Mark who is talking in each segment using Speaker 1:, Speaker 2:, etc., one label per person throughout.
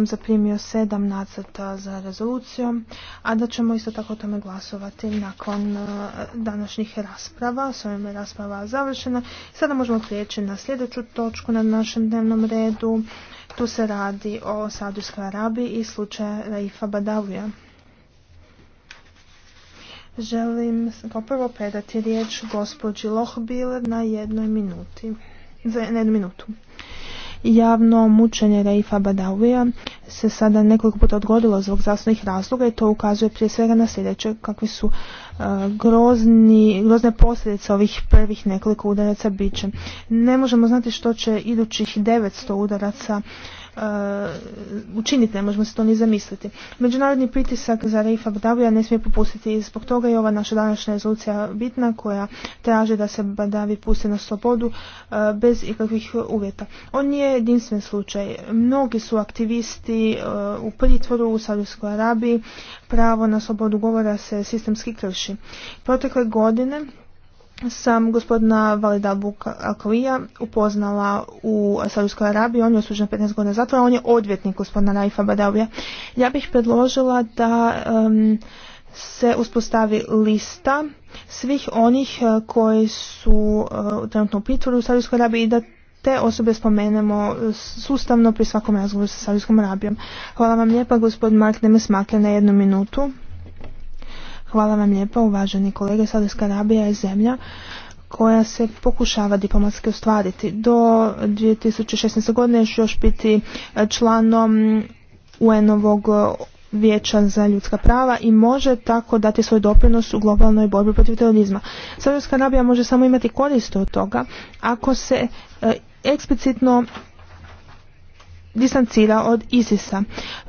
Speaker 1: sam zaprimio sedam nacrta za rezolucijom, a da ćemo isto tako o tome glasovati nakon e, današnjih rasprava. S ovim je rasprava završena. Sada možemo prijeći na sljedeću točku na našem dnevnom redu. Tu se radi o Saudijskoj Arabiji i slučaju Raifa Badavija. Želim kao prvo predati riječ gospođi Lohbiler na jednoj minuti. Za jednu minutu. Javno mučenje Raifa Badawija se sada nekoliko puta odgodilo zbog zdravstvenih razloga i to ukazuje prije svega na sljedeće kakvi su e, grozni, grozne posljedice ovih prvih nekoliko udaraca biće. Ne možemo znati što će idućih 900 udaraca E, učiniti, ne možemo se to ni zamisliti. Međunarodni pritisak za Reifa Badavija ne smije popustiti i zbog toga je ova naša današnja rezolucija bitna koja traži da se Badavi puste na slobodu e, bez ikakvih uvjeta. On nije jedinstven slučaj. Mnogi su aktivisti e, u pritvoru u Saudijskoj Arabiji. Pravo na slobodu govora se sistemski krši. Protekle godine sam gospodina Valida Bukalkovija upoznala u Saudijskoj Arabiji, on je osuđen 15 godina zatvora, on je odvjetnik gospodina Raifa Badavija. Ja bih predložila da se uspostavi lista svih onih e, koji su uh, trenutno u pitvoru u Saudijskoj Arabiji i da te osobe spomenemo sustavno pri svakom razgovoru sa Saudijskom Arabijom. Hvala vam lijepa gospodin Mark smake na jednu minutu. Hvala vam lijepa, uvaženi kolege. Saudijska Arabija je zemlja koja se pokušava diplomatski ostvariti. Do 2016. godine još biti e, članom UN-ovog e, vijeća za ljudska prava i može tako dati svoj doprinos u globalnoj borbi protiv terorizma. Saudijska Arabija može samo imati korist od toga ako se e, eksplicitno distancira od isis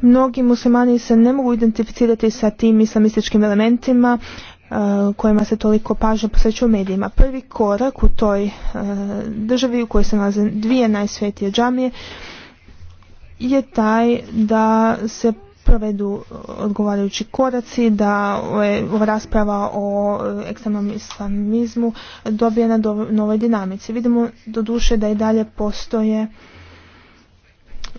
Speaker 1: Mnogi muslimani se ne mogu identificirati sa tim islamističkim elementima eh, kojima se toliko pažnje posvećuje u medijima. Prvi korak u toj eh, državi u kojoj se nalaze dvije najsvetije džamije je taj da se provedu odgovarajući koraci, da ova rasprava o eh, ekstremnom islamizmu dobije na novoj dinamici. Vidimo do duše da i dalje postoje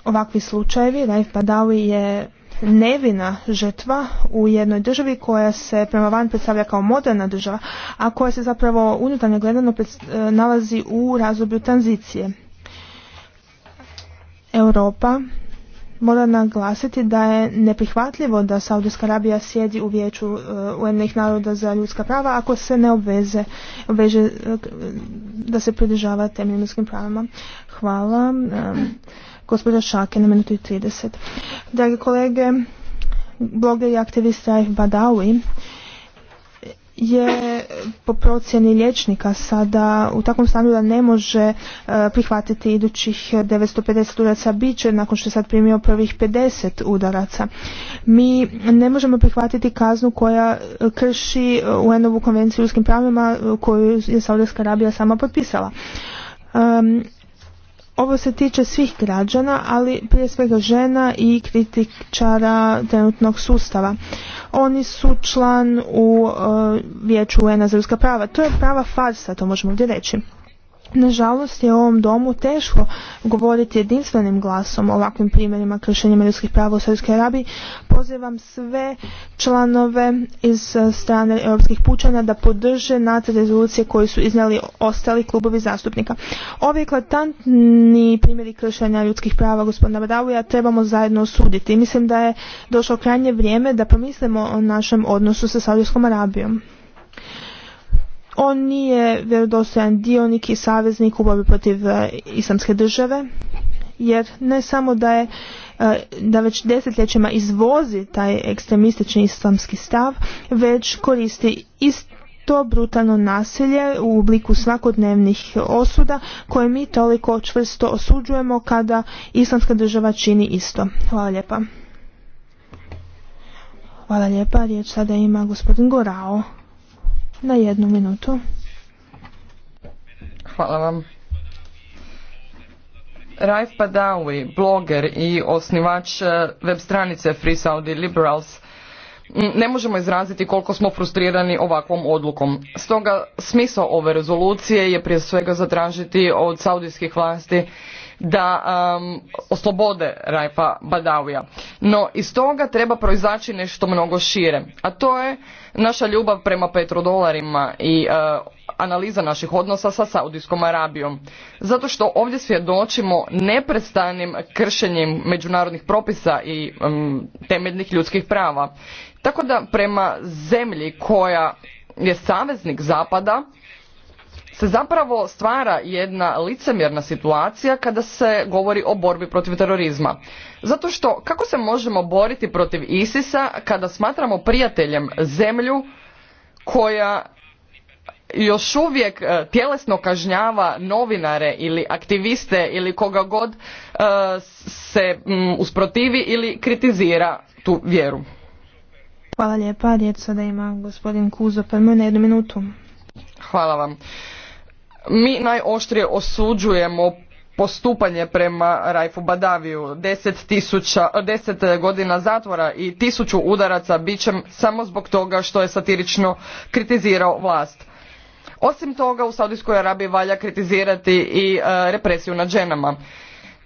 Speaker 1: ovakvi slučajevi. Raif Badawi je nevina žrtva u jednoj državi koja se prema van predstavlja kao moderna država, a koja se zapravo unutarnje gledano e, nalazi u razdoblju tranzicije. Europa mora naglasiti da je neprihvatljivo da Saudijska Arabija sjedi u vijeću e, Ujedinjenih naroda za ljudska prava ako se ne obveze, obveže e, da se pridržava temeljnim ljudskim pravima. Hvala. Gospođa Šake na minutu i 30. Dragi kolege, bloger i aktivist Raif Badawi je po procjeni liječnika sada u takvom stanju da ne može e, prihvatiti idućih 950 udaraca biće nakon što je sad primio prvih 50 udaraca. Mi ne možemo prihvatiti kaznu koja e, krši UN-ovu konvenciju o ljudskim pravima e, koju je Saudijska Arabija sama potpisala. Ovo se tiče svih građana, ali prije svega žena i kritičara trenutnog sustava. Oni su član u e, vijeću un za ljudska prava. To je prava farsa, to možemo ovdje reći. Nažalost je u ovom domu teško govoriti jedinstvenim glasom o ovakvim primjerima kršenja ljudskih prava u Saudijskoj Arabiji. Pozivam sve članove iz eh, strane europskih pučana da podrže nacrt rezolucije koje su iznali ostali klubovi zastupnika. Ovi eklatantni primjeri kršenja ljudskih prava gospodina Badavuja trebamo zajedno osuditi. Mislim da je došlo krajnje vrijeme da promislimo o našem odnosu sa Saudijskom Arabijom on nije vjerodostojan dionik i saveznik u borbi protiv e, islamske države jer ne samo da je e, da već desetljećima izvozi taj ekstremistični islamski stav, već koristi isto brutalno nasilje u obliku svakodnevnih osuda koje mi toliko čvrsto osuđujemo kada islamska država čini isto. Hvala lijepa. Hvala lijepa. Riječ sada ima gospodin Gorao na jednu minutu.
Speaker 2: Hvala vam. Raif Badawi, bloger i osnivač e, web stranice Free Saudi Liberals, ne možemo izraziti koliko smo frustrirani ovakvom odlukom. Stoga smisao ove rezolucije je prije svega zatražiti od saudijskih vlasti da oslobode Rajfa Badawija. No iz toga treba proizaći nešto mnogo šire, a to je naša ljubav prema petrodolarima i e, analiza naših odnosa sa Saudijskom Arabijom. Zato što ovdje svjedočimo neprestanim kršenjem međunarodnih propisa i temeljnih ljudskih prava. Tako da prema zemlji koja je saveznik Zapada, se zapravo stvara jedna licemjerna situacija kada se govori o borbi protiv terorizma. Zato što kako se možemo boriti protiv ISIS-a kada smatramo prijateljem zemlju koja još uvijek e, tjelesno kažnjava novinare ili aktiviste ili koga god e, se usprotivi ili kritizira tu vjeru.
Speaker 1: Hvala lijepa, djeca da ima gospodin Kuzo, pa na jednu minutu. Hvala vam. Mi
Speaker 2: najoštrije osuđujemo postupanje prema Raifu Badaviju. Deset, tisuća, godina zatvora i tisuću udaraca bićem samo zbog toga što je satirično kritizirao vlast. Osim toga u Saudijskoj Arabiji valja kritizirati i e, represiju nad ženama.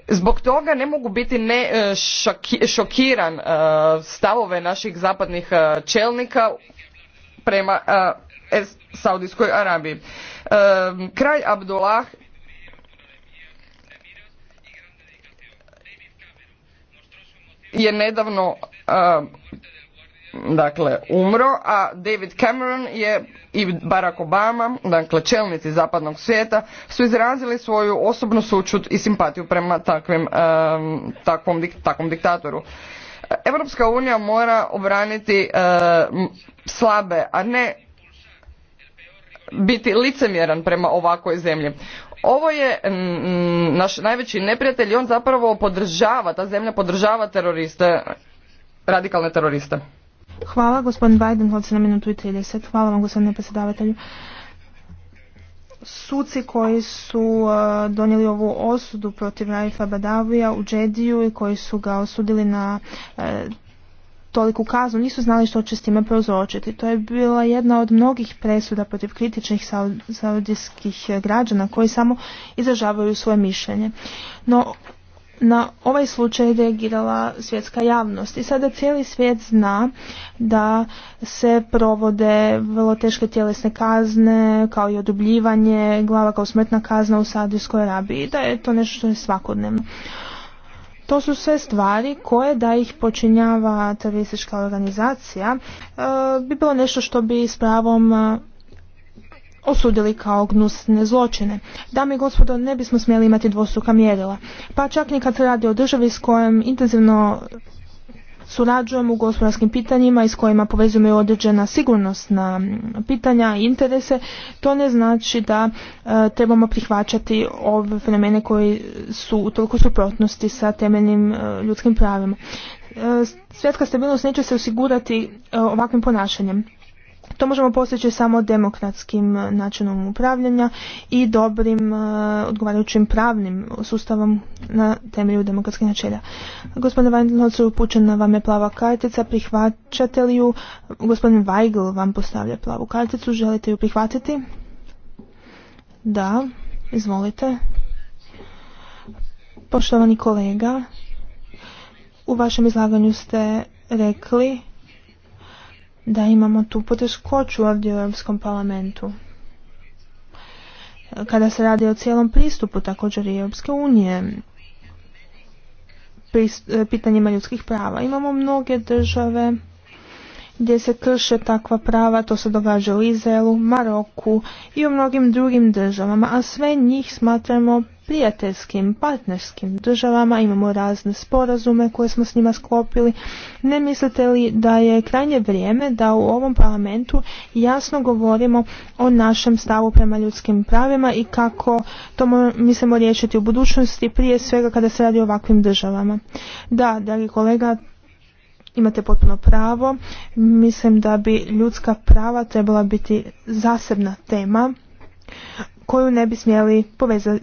Speaker 2: Zbog toga ne mogu biti ne e, šokiran e, stavove naših zapadnih čelnika prema Saudijskoj Arabiji. E, Kraj Abdullah je nedavno e, dakle umro, a David Cameron je i Barack Obama, dakle čelnici zapadnog svijeta, su izrazili svoju osobnu sučut i simpatiju prema takvim, e, takvom, diktatoru. Europska unija mora obraniti slabe, a ne biti licemjeran prema ovakvoj zemlji. Ovo je mm, mm, naš najveći neprijatelj i on zapravo podržava, ta zemlja podržava teroriste, radikalne teroriste.
Speaker 1: Hvala, gospodin Biden, hvala na minutu 30. Hvala vam, gospodine predsjedavatelju. Suci koji su uh, donijeli ovu osudu protiv Raifa Badavija u Džediju i koji su ga osudili na uh, toliku kaznu, nisu znali što će s time prouzročiti. To je bila jedna od mnogih presuda protiv kritičnih saudijskih građana koji samo izražavaju svoje mišljenje. No, na ovaj slučaj reagirala svjetska javnost i sada cijeli svijet zna da se provode vrlo teške tjelesne kazne kao i odubljivanje glava kao smrtna kazna u Saudijskoj Arabiji da je to nešto što je svakodnevno. To su sve stvari koje da ih počinjava teroristička organizacija e, bi bilo nešto što bi s pravom e, osudili kao gnusne zločine. Dame i gospodo, ne bismo smjeli imati dvostruka mjerila. Pa čak ni kad se radi o državi s kojom intenzivno surađujemo u gospodarskim pitanjima i s kojima povezujemo i određena sigurnosna pitanja i interese, to ne znači da e, trebamo prihvaćati ove fenomene koji su u toliko suprotnosti sa temeljnim e, ljudskim pravima. E, svjetska stabilnost neće se osigurati ovakvim ponašanjem. To možemo postići samo demokratskim e, načinom upravljanja i dobrim e, odgovarajućim pravnim sustavom na temelju demokratskih načelja. Gospodine Vajnodcu, upućena vam je plava kartica, prihvaćate li ju? Gospodin Weigl vam postavlja plavu karticu, želite ju prihvatiti? Da, izvolite. Poštovani kolega, u vašem izlaganju ste rekli da imamo tu poteškoću ovdje u Europskom parlamentu. Kada se radi o cijelom pristupu također i Europske unije, e, pitanjima ljudskih prava, imamo mnoge države gdje se krše takva prava, to se događa u Izraelu, Maroku i u mnogim drugim državama, a sve njih smatramo prijateljskim, partnerskim državama, imamo razne sporazume koje smo s njima sklopili. Ne mislite li da je krajnje vrijeme da u ovom parlamentu jasno govorimo o našem stavu prema ljudskim pravima i kako to mislimo riješiti u budućnosti, prije svega kada se radi o ovakvim državama? Da, dragi kolega, imate potpuno pravo. Mislim da bi ljudska prava trebala biti zasebna tema koju ne bi smjeli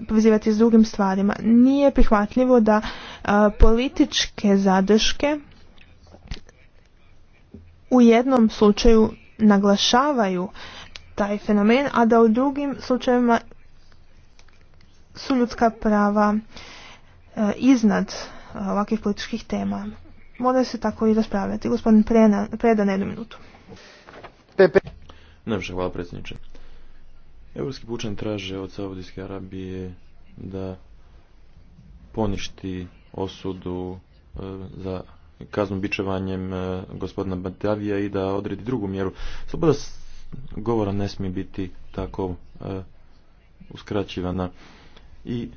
Speaker 1: povezivati s drugim stvarima. Nije prihvatljivo da političke zadrške u jednom slučaju naglašavaju taj fenomen, a da u drugim slučajevima su ljudska prava e, iznad ovakvih političkih tema moraju se tako i raspravljati. Gospodin Prena, Preda na jednu minutu.
Speaker 3: Najviše hvala predsjedniče. Evropski pučan traže od Saudijske Arabije da poništi osudu e, za kaznu bičevanjem e, gospodina Batavija i da odredi drugu mjeru. Sloboda govora ne smije biti tako e, uskraćivana. I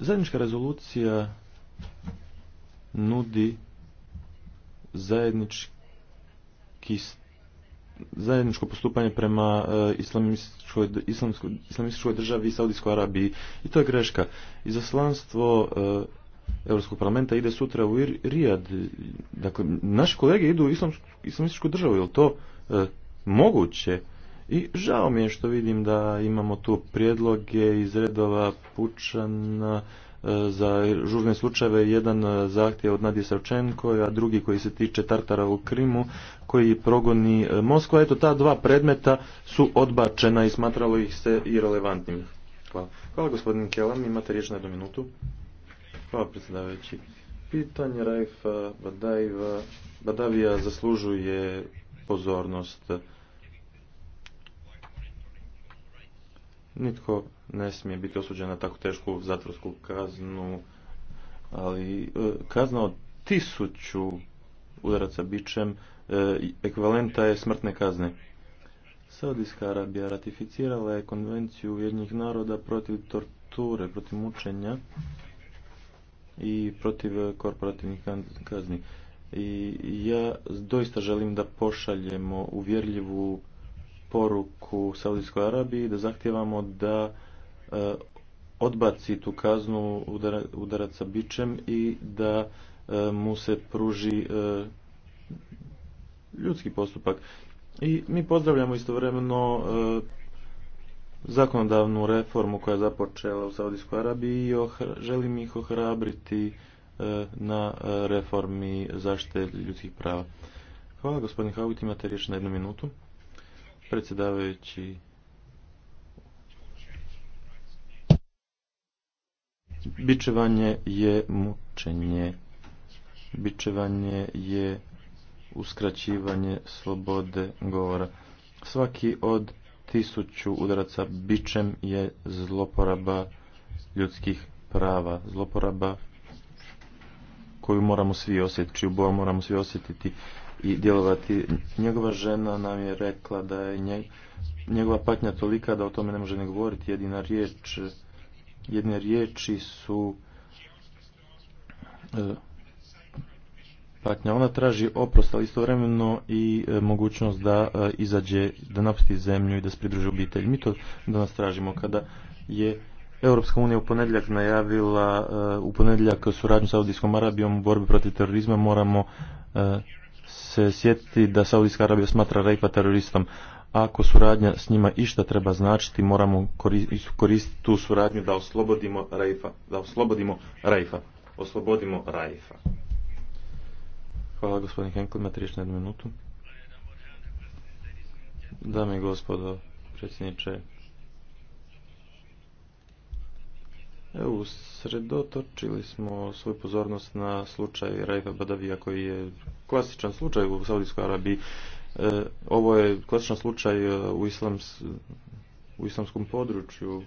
Speaker 3: zajednička rezolucija nudi zajednički zajedničko postupanje prema e, islamističkoj, državi i Saudijskoj Arabiji. I to je greška. Izaslanstvo e, Europskog parlamenta ide sutra u Rijad. Dakle, naši kolege idu u islamističku državu. Je li to e, moguće? I žao mi je što vidim da imamo tu prijedloge iz redova pučana za žurne slučajeve jedan e, zahtjev od Nadije Savčenko, a drugi koji se tiče Tartara u Krimu koji progoni e, Moskva. Eto, ta dva predmeta su odbačena i smatralo ih se irelevantnim. Hvala. Hvala gospodin Kelam, imate riječ na jednu minutu. Hvala predsjedavajući. Pitanje Rajfa Badavija zaslužuje pozornost. Nitko ne smije biti osuđen na tako tešku zatvorsku kaznu, ali e, kazna od tisuću udaraca bičem e, ekvivalenta je smrtne kazne. Saudijska Arabija ratificirala je konvenciju jednih naroda protiv torture, protiv mučenja i protiv korporativnih kazni. I ja doista želim da pošaljemo uvjerljivu poruku Saudijskoj Arabiji da zahtijevamo da e, odbaci tu kaznu udarac sa bičem i da e, mu se pruži e, ljudski postupak. I mi pozdravljamo istovremeno zakonodavnu reformu koja je započela u Saudijskoj Arabiji i želim ih ohrabriti na reformi zaštite ljudskih prava. Hvala gospodin Haugit, imate riječ na jednu minutu predsjedavajući bičevanje je mučenje bičevanje je uskraćivanje slobode govora svaki od tisuću udaraca bičem je zloporaba ljudskih prava zloporaba koju moramo svi osjetiti, čiju boju moramo svi osjetiti i djelovati. Njegova žena nam je rekla da je njegova patnja tolika da o tome ne može ne govoriti. Jedina riječ, jedne riječi su e, patnja. Ona traži oprost, ali istovremeno i e, mogućnost da e, izađe, da napusti zemlju i da se pridruži obitelj. Mi to danas tražimo kada je Europska unija u ponedjeljak najavila u ponedjeljak suradnju sa Saudijskom Arabijom u borbi protiv terorizma moramo se sjetiti da Saudijska Arabija smatra Rejpa teroristom. Ako suradnja s njima išta treba značiti, moramo koristiti tu suradnju da oslobodimo Rejfa. Da oslobodimo Rejfa. Oslobodimo Rejfa. Hvala gospodin Henkel, ima jednu minutu. Dame i gospodo, predsjedniče, Evo, sredotočili smo svoju pozornost na slučaj Rajfa Badavija koji je klasičan slučaj u Saudijskoj Arabiji. E, ovo je klasičan slučaj e, u, islams, u islamskom području.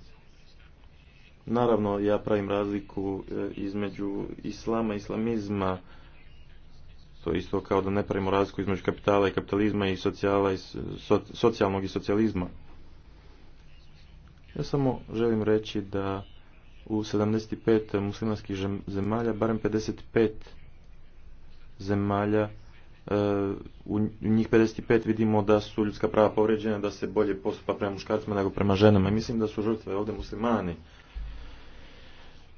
Speaker 3: Naravno, ja pravim razliku e, između islama i islamizma. To je isto kao da ne pravimo razliku između kapitala i kapitalizma i, socijala socijalnog i socijalizma. Ja samo želim reći da u 75 muslimanskih zemalja barem 55 zemalja e, u njih 55 vidimo da su ljudska prava povređena, da se bolje postupa prema muškarcima nego prema ženama. I mislim da su žrtve ovdje muslimani.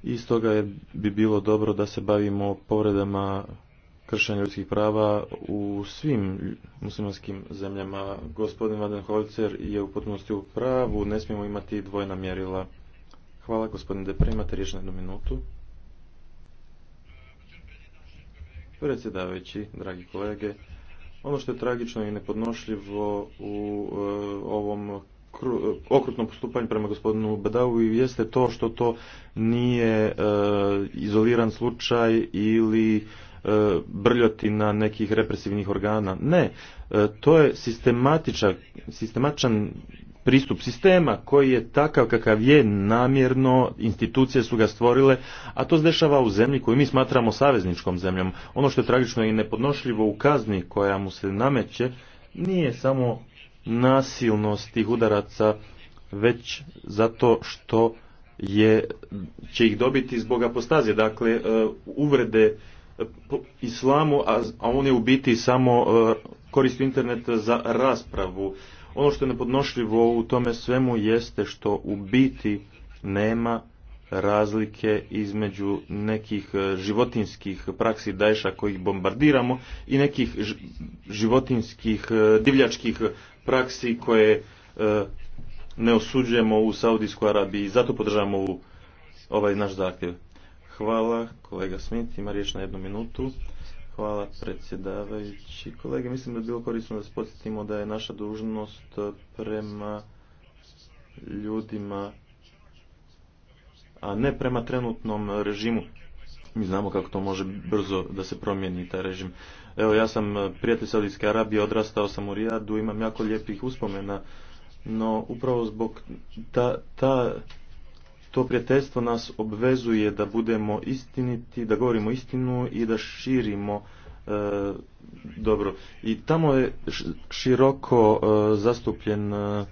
Speaker 3: I stoga bi bilo dobro da se bavimo povredama kršenja ljudskih prava u svim muslimanskim zemljama. Gospodin Vaden je u potpunosti u pravu, ne smijemo imati dvojna mjerila. Hvala gospodin Depre, imate riječ na jednu minutu. Predsjedavajući, dragi kolege, ono što je tragično i nepodnošljivo u e, ovom okrutnom postupanju prema gospodinu Badavu i jeste to što to nije e, izoliran slučaj ili e, brljotina nekih represivnih organa. Ne, to je sistematičan pristup sistema koji je takav kakav je namjerno, institucije su ga stvorile, a to se dešava u zemlji koju mi smatramo savezničkom zemljom. Ono što je tragično i nepodnošljivo u kazni koja mu se nameće nije samo nasilnost tih udaraca, već zato što je, će ih dobiti zbog apostazije, dakle e, uvrede e, islamu, a oni u biti samo e, koristi internet za raspravu. Ono što je nepodnošljivo u tome svemu jeste što u biti nema razlike između nekih e, životinskih praksi dajša kojih bombardiramo i nekih životinskih e, divljačkih praksi koje e, ne osuđujemo u Saudijskoj Arabiji. Zato podržavamo ovaj naš zahtjev. Hvala, kolega Smith, ima riječ na jednu minutu. Hvala predsjedavajući. Kolege, mislim da je bilo korisno da se podsjetimo da je naša dužnost prema ljudima, a ne prema trenutnom režimu. Mi znamo kako to može brzo da se promijeni taj režim. Evo, ja sam prijatelj Saudijske Arabije, odrastao sam u Rijadu, imam jako lijepih uspomena, no upravo zbog ta, ta to prijateljstvo nas obvezuje da budemo istiniti, da govorimo istinu i da širimo e, dobro. I tamo je široko e, zastupljen e,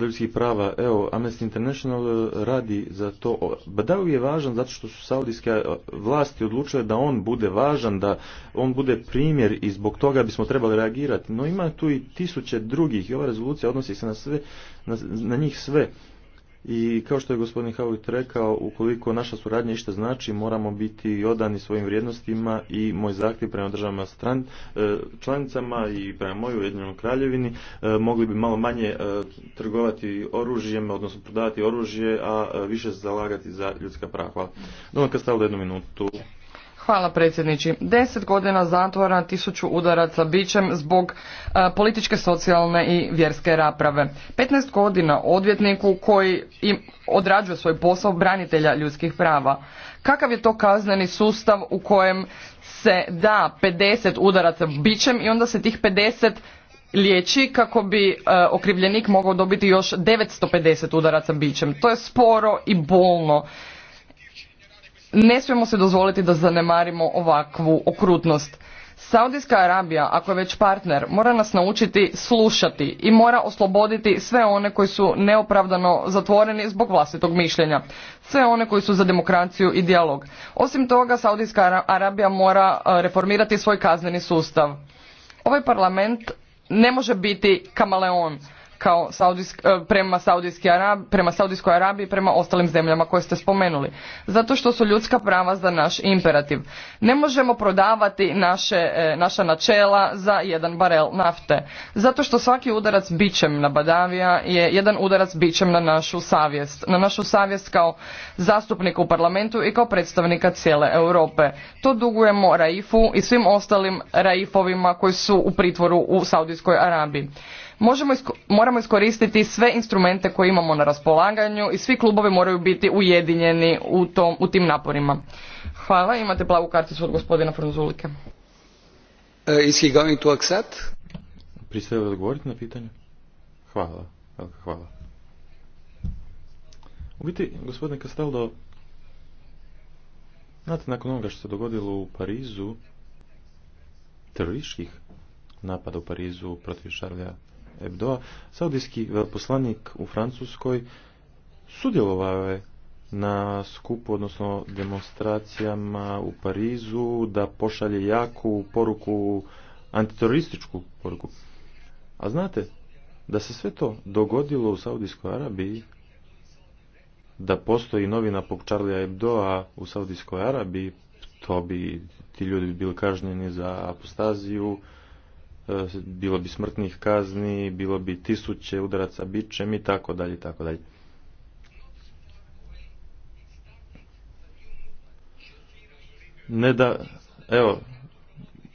Speaker 3: ljudskih prava. Evo, Amnesty International radi za to. Badawi je važan zato što su saudijske e, vlasti odlučile da on bude važan, da on bude primjer i zbog toga bismo trebali reagirati. No ima tu i tisuće drugih i ova rezolucija odnosi se na sve, na njih sve i kao što je gospodin Havit rekao, ukoliko naša suradnja išta znači, moramo biti odani svojim vrijednostima i moj zahtjev prema državama stran, e, članicama i prema mojoj Ujedinjenoj kraljevini e, mogli bi malo manje e, trgovati oružjem, odnosno prodavati oružje, a više zalagati za ljudska prava. Hvala. kad Kastalda, jednu minutu.
Speaker 2: Hvala predsjedniči. Deset godina zatvora, tisuću udaraca bićem zbog e, političke, socijalne i vjerske raprave. 15 godina odvjetniku koji im odrađuje svoj posao branitelja ljudskih prava. Kakav je to kazneni sustav u kojem se da 50 udaraca bićem i onda se tih 50 liječi kako bi e, okrivljenik mogao dobiti još 950 udaraca bićem. To je sporo i bolno ne smijemo se dozvoliti da zanemarimo ovakvu okrutnost. Saudijska Arabija, ako je već partner, mora nas naučiti slušati i mora osloboditi sve one koji su neopravdano zatvoreni zbog vlastitog mišljenja. Sve one koji su za demokraciju i dijalog. Osim toga, Saudijska Arabija mora e, reformirati svoj kazneni sustav. Ovaj parlament ne može biti kamaleon kao e, prema, Saudijski prema Saudijskoj Arabiji, prema ostalim zemljama koje ste spomenuli. Zato što su ljudska prava za naš imperativ. Ne možemo prodavati naše, e, naša načela za jedan barel nafte. Zato što svaki udarac bićem na Badavija je jedan udarac bićem na našu savjest. Na našu savjest kao zastupnika u parlamentu i kao predstavnika cijele Europe. To dugujemo Raifu i svim ostalim Raifovima koji su u pritvoru u Saudijskoj Arabiji moramo iskoristiti sve instrumente koje imamo na raspolaganju i svi klubovi moraju biti ujedinjeni u, u tim naporima. Hvala, imate plavu karticu od gospodina Frunzulike.
Speaker 3: E, is he odgovoriti na pitanje? Hvala, velika hvala. U biti, gospodine Castaldo, znate, nakon onoga što se dogodilo u Parizu, terorističkih napada u Parizu protiv Šarlja Ebdoa, saudijski veleposlanik u Francuskoj sudjelovao je na skupu, odnosno demonstracijama u Parizu, da pošalje jaku poruku, antiterorističku poruku. A znate, da se sve to dogodilo u Saudijskoj Arabiji, da postoji novina poput Ebdoa u Saudijskoj Arabiji, to bi ti ljudi bili kažnjeni za apostaziju, E, bilo bi smrtnih kazni, bilo bi tisuće udaraca bičem i tako dalje, tako dalje. Ne da, evo,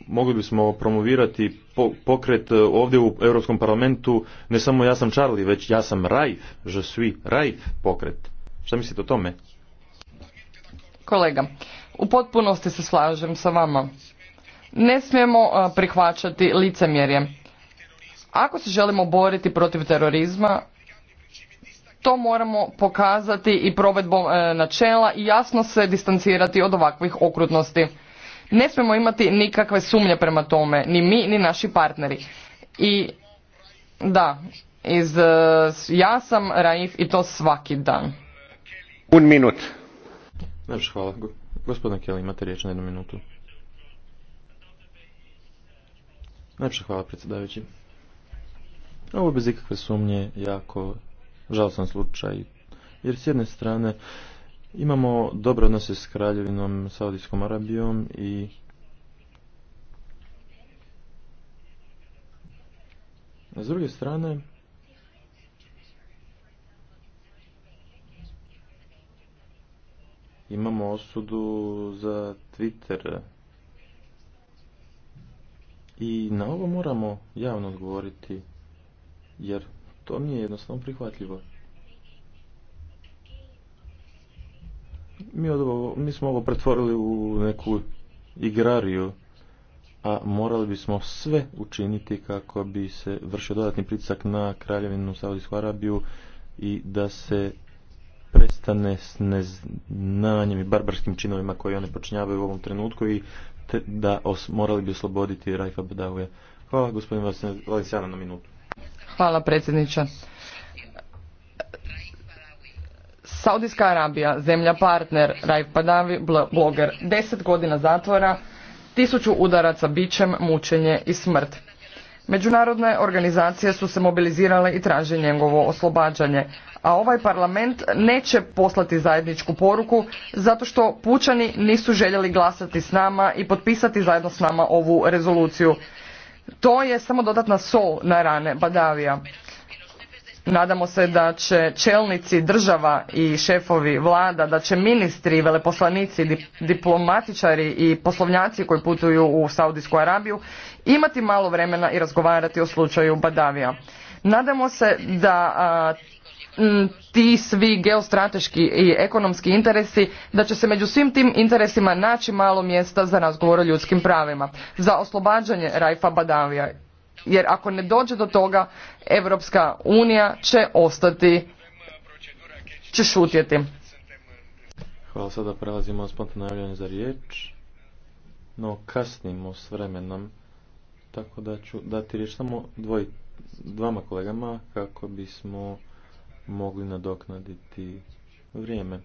Speaker 3: mogli bismo promovirati pokret ovdje u Europskom parlamentu, ne samo ja sam Charlie, već ja sam Rajf, že svi Rajf pokret. Šta mislite o tome?
Speaker 2: Kolega, u potpunosti se slažem sa vama. Ne smijemo prihvaćati licemjerje. Ako se želimo boriti protiv terorizma, to moramo pokazati i provedbom e, načela i jasno se distancirati od ovakvih okrutnosti. Ne smijemo imati nikakve sumnje prema tome, ni mi, ni naši partneri. I da, iz, e, ja sam Raif i to svaki dan.
Speaker 3: Un minut. Dobro, hvala. Gospodin Kelly, imate riječ na jednu minutu. Najpša hvala predsjedavajući. Ovo bez ikakve sumnje jako žalostan slučaj. Jer s jedne strane imamo dobre odnose s kraljevinom Saudijskom Arabijom i A s druge strane, imamo osudu za Twitter i na ovo moramo javno odgovoriti, jer to nije jednostavno prihvatljivo. Mi, mi smo ovo pretvorili u neku igrariju, a morali bismo sve učiniti kako bi se vršio dodatni pritisak na kraljevinu Saudijsku Arabiju i da se prestane s neznanjem i barbarskim činovima koje one počinjavaju u ovom trenutku i da os, morali bi osloboditi Rajfa Badawija. Hvala gospodin na minutu.
Speaker 2: Hvala predsjedniče. Saudijska Arabija, zemlja partner, Raif Badavi, bloger, deset godina zatvora, tisuću udaraca bićem, mučenje i smrt. Međunarodne organizacije su se mobilizirale i traže njegovo oslobađanje, a ovaj parlament neće poslati zajedničku poruku zato što pučani nisu željeli glasati s nama i potpisati zajedno s nama ovu rezoluciju. To je samo dodatna sol na rane Badavija. Nadamo se da će čelnici država i šefovi vlada, da će ministri, veleposlanici, diplomatičari i poslovnjaci koji putuju u Saudijsku Arabiju imati malo vremena i razgovarati o slučaju Badavija. Nadamo se da ti svi geostrateški i ekonomski interesi, da će se među svim tim interesima naći malo mjesta za razgovor o ljudskim pravima, za oslobađanje Rajfa Badavija jer ako ne dođe do toga Europska unija će ostati će šutjeti.
Speaker 3: Hvala, sada prelazimo na spontano za riječ, no kasnimo s vremenom, tako da ću dati riječ samo dvoj, dvama kolegama kako bismo mogli nadoknaditi vrijeme.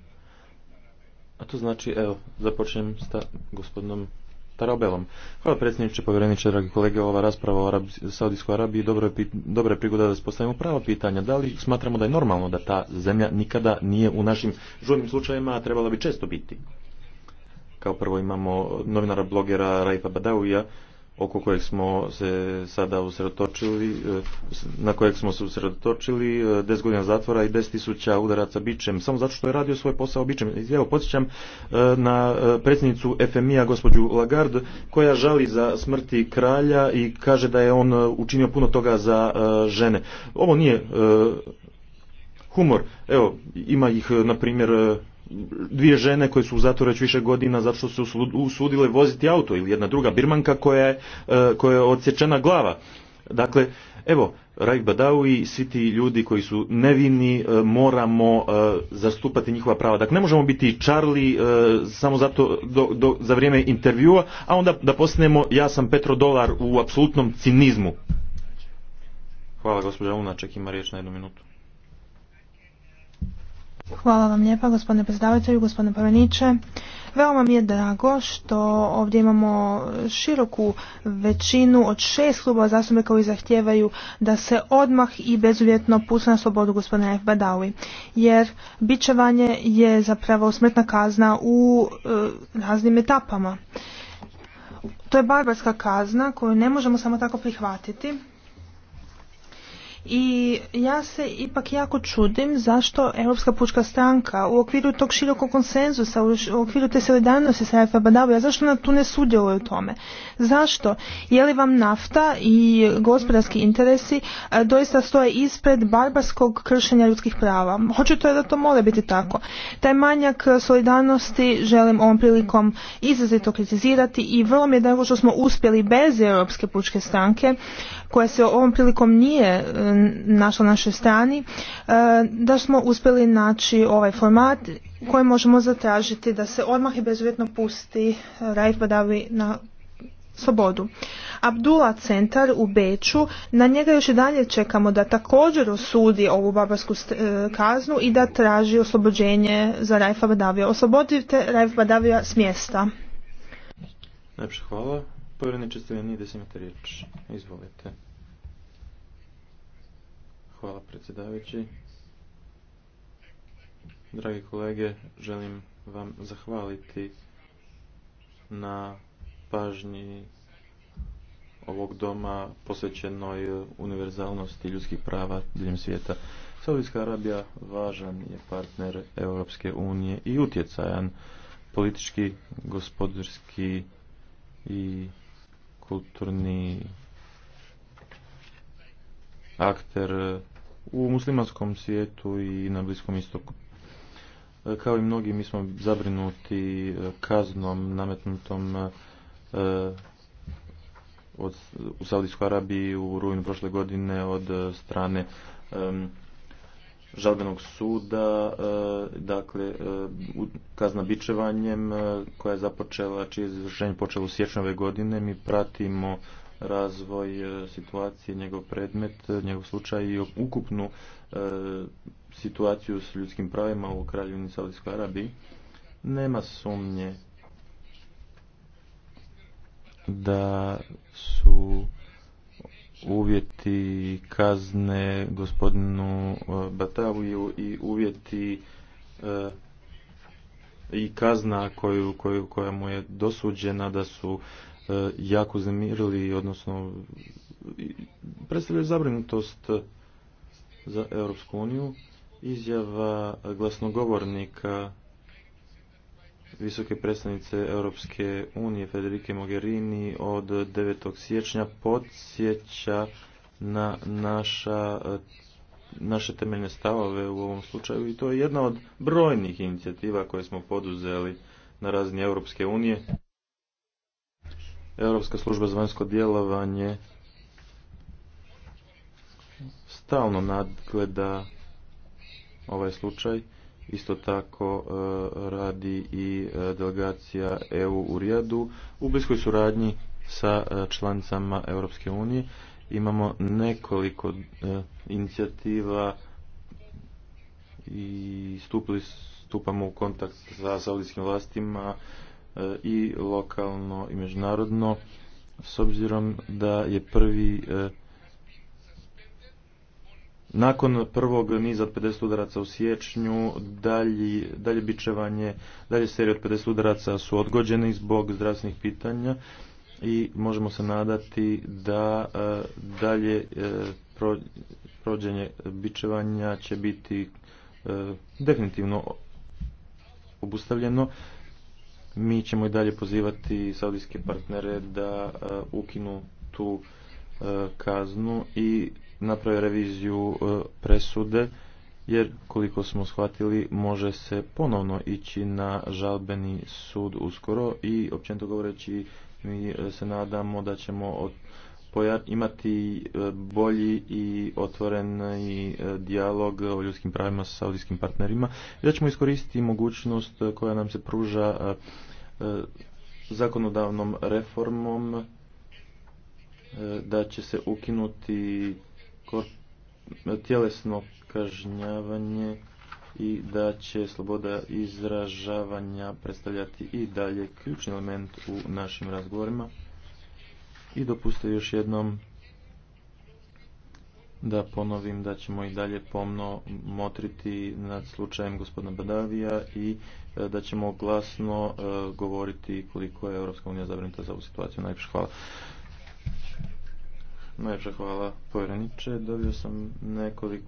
Speaker 3: A to znači, evo, započnem s gospodinom Tarabelom. Hvala predsjedniče, povjereniče, dragi kolege, ova rasprava o Saudijskoj Arabiji dobro je, dobra je prigoda da postavimo pravo pitanja. Da li smatramo da je normalno da ta zemlja nikada nije u našim žurnim slučajevima, a trebala bi često biti? Kao prvo imamo novinara blogera Raifa Badawija, oko kojeg smo se sada usredotočili, e, na kojeg smo se usredotočili, 10 e, godina zatvora i tisuća udaraca bičem, samo zato što je radio svoj posao bičem. Evo, podsjećam e, na predsjednicu FMI-a, gospođu Lagarde, koja žali za smrti kralja i kaže da je on učinio puno toga za žene. Ovo nije humor. Evo, ima ih, na primjer, dvije žene koje su u zatvoru već više godina zato što su usudile voziti auto ili jedna druga birmanka koja je, e, koja je odsječena glava. Dakle, evo, Raj Badau i svi ti ljudi koji su nevini e, moramo e, zastupati njihova prava. Dakle, ne možemo biti Charlie samo zato do, do, za vrijeme intervjua, a onda da postanemo ja sam Petro Dolar u apsolutnom cinizmu. Hvala gospođa Lunaček, ima riječ na jednu minutu.
Speaker 1: Hvala vam lijepa gospodine predsjedavatelju, gospodine Poveniče. Veoma mi je drago što ovdje imamo široku većinu od šest klubova zastupnika koji zahtijevaju da se odmah i bezuvjetno pusti na slobodu gospodina F. Badawi. Jer bičevanje je zapravo smrtna kazna u e, raznim etapama. To je barbarska kazna koju ne možemo samo tako prihvatiti i ja se ipak jako čudim zašto Europska pučka stranka u okviru tog širokog konsenzusa, u okviru te solidarnosti sa FBW zašto ona tu ne sudjeluje u tome? Zašto? Je li vam nafta i gospodarski interesi e, doista stoje ispred barbarskog kršenja ljudskih prava? Hoću je da to mora biti tako. Taj manjak solidarnosti želim ovom prilikom izrazito kritizirati i vrlo mi je drago što smo uspjeli bez Europske pučke stranke koja se ovom prilikom nije e, našla našoj strani, e, da smo uspjeli naći ovaj format koji možemo zatražiti da se odmah i bezuvjetno pusti Raif Badawi na slobodu. Abdullah centar u Beču, na njega još i dalje čekamo da također osudi ovu babarsku e, kaznu i da traži oslobođenje za Rajfa Badavija. Oslobodite Rajf Badavija s mjesta.
Speaker 3: Najpša hvala. ste riječ. Izvolite. Hvala predsjedavajući. Dragi kolege, želim vam zahvaliti na pažnji ovog doma posvećenoj univerzalnosti ljudskih prava diljem svijeta. Saudijska Arabija važan je partner Europske unije i utjecajan politički, gospodarski i kulturni akter u muslimanskom svijetu i na Bliskom istoku. E, kao i mnogi, mi smo zabrinuti e, kaznom nametnutom e, od, u Saudijskoj Arabiji u rujnu prošle godine od strane žalbenog suda, dakle kazna bičevanjem koja je započela, čije je izvršenje počelo u siječnju godine, mi pratimo razvoj e, situacije, njegov predmet, e, njegov slučaj i ukupnu e, situaciju s ljudskim pravima u Kraljevini Saudijskoj Arabiji. Nema sumnje da su uvjeti kazne gospodinu Bataviju i uvjeti i kazna koju, koja mu je dosuđena da su E, jako zamirili odnosno predstavljaju zabrinutost za Europsku uniju. Izjava glasnogovornika visoke predstavnice Europske unije Federike Mogherini od 9. siječnja podsjeća na naša, e, naše temeljne stavove u ovom slučaju i to je jedna od brojnih inicijativa koje smo poduzeli na razini Europske unije. Europska služba za vanjsko djelovanje stalno nadgleda ovaj slučaj. Isto tako e, radi i e, delegacija EU u Rijadu u bliskoj suradnji sa e, članicama Europske unije. Imamo nekoliko inicijativa i stupamo u kontakt sa saudijskim vlastima E, i lokalno i međunarodno s obzirom da je prvi e, nakon prvog niza od 50 udaraca u siječnju dalje, dalje bičevanje, dalje serije od 50 udaraca su odgođeni zbog zdravstvenih pitanja i možemo se nadati da e, dalje prođenje bičevanja će biti definitivno obustavljeno mi ćemo i dalje pozivati saudijske partnere da uh, ukinu tu uh, kaznu i naprave reviziju uh, presude jer koliko smo shvatili može se ponovno ići na žalbeni sud uskoro i općenito govoreći mi se nadamo da ćemo od imati e, bolji i otvoren e, i e, dijalog o ljudskim pravima sa saudijskim partnerima i ćemo iskoristiti mogućnost koja nam se pruža zakonodavnom reformom da će se ukinuti tjelesno kažnjavanje i da će sloboda izražavanja predstavljati i dalje ključni element u našim razgovorima i dopustite još jednom da ponovim da ćemo i dalje pomno motriti nad slučajem gospodina Badavija i e, da ćemo glasno e, govoriti koliko je Europska unija zabrinuta za ovu situaciju. Najljepša hvala. Najljepša hvala povjereniče. Dobio sam nekoliko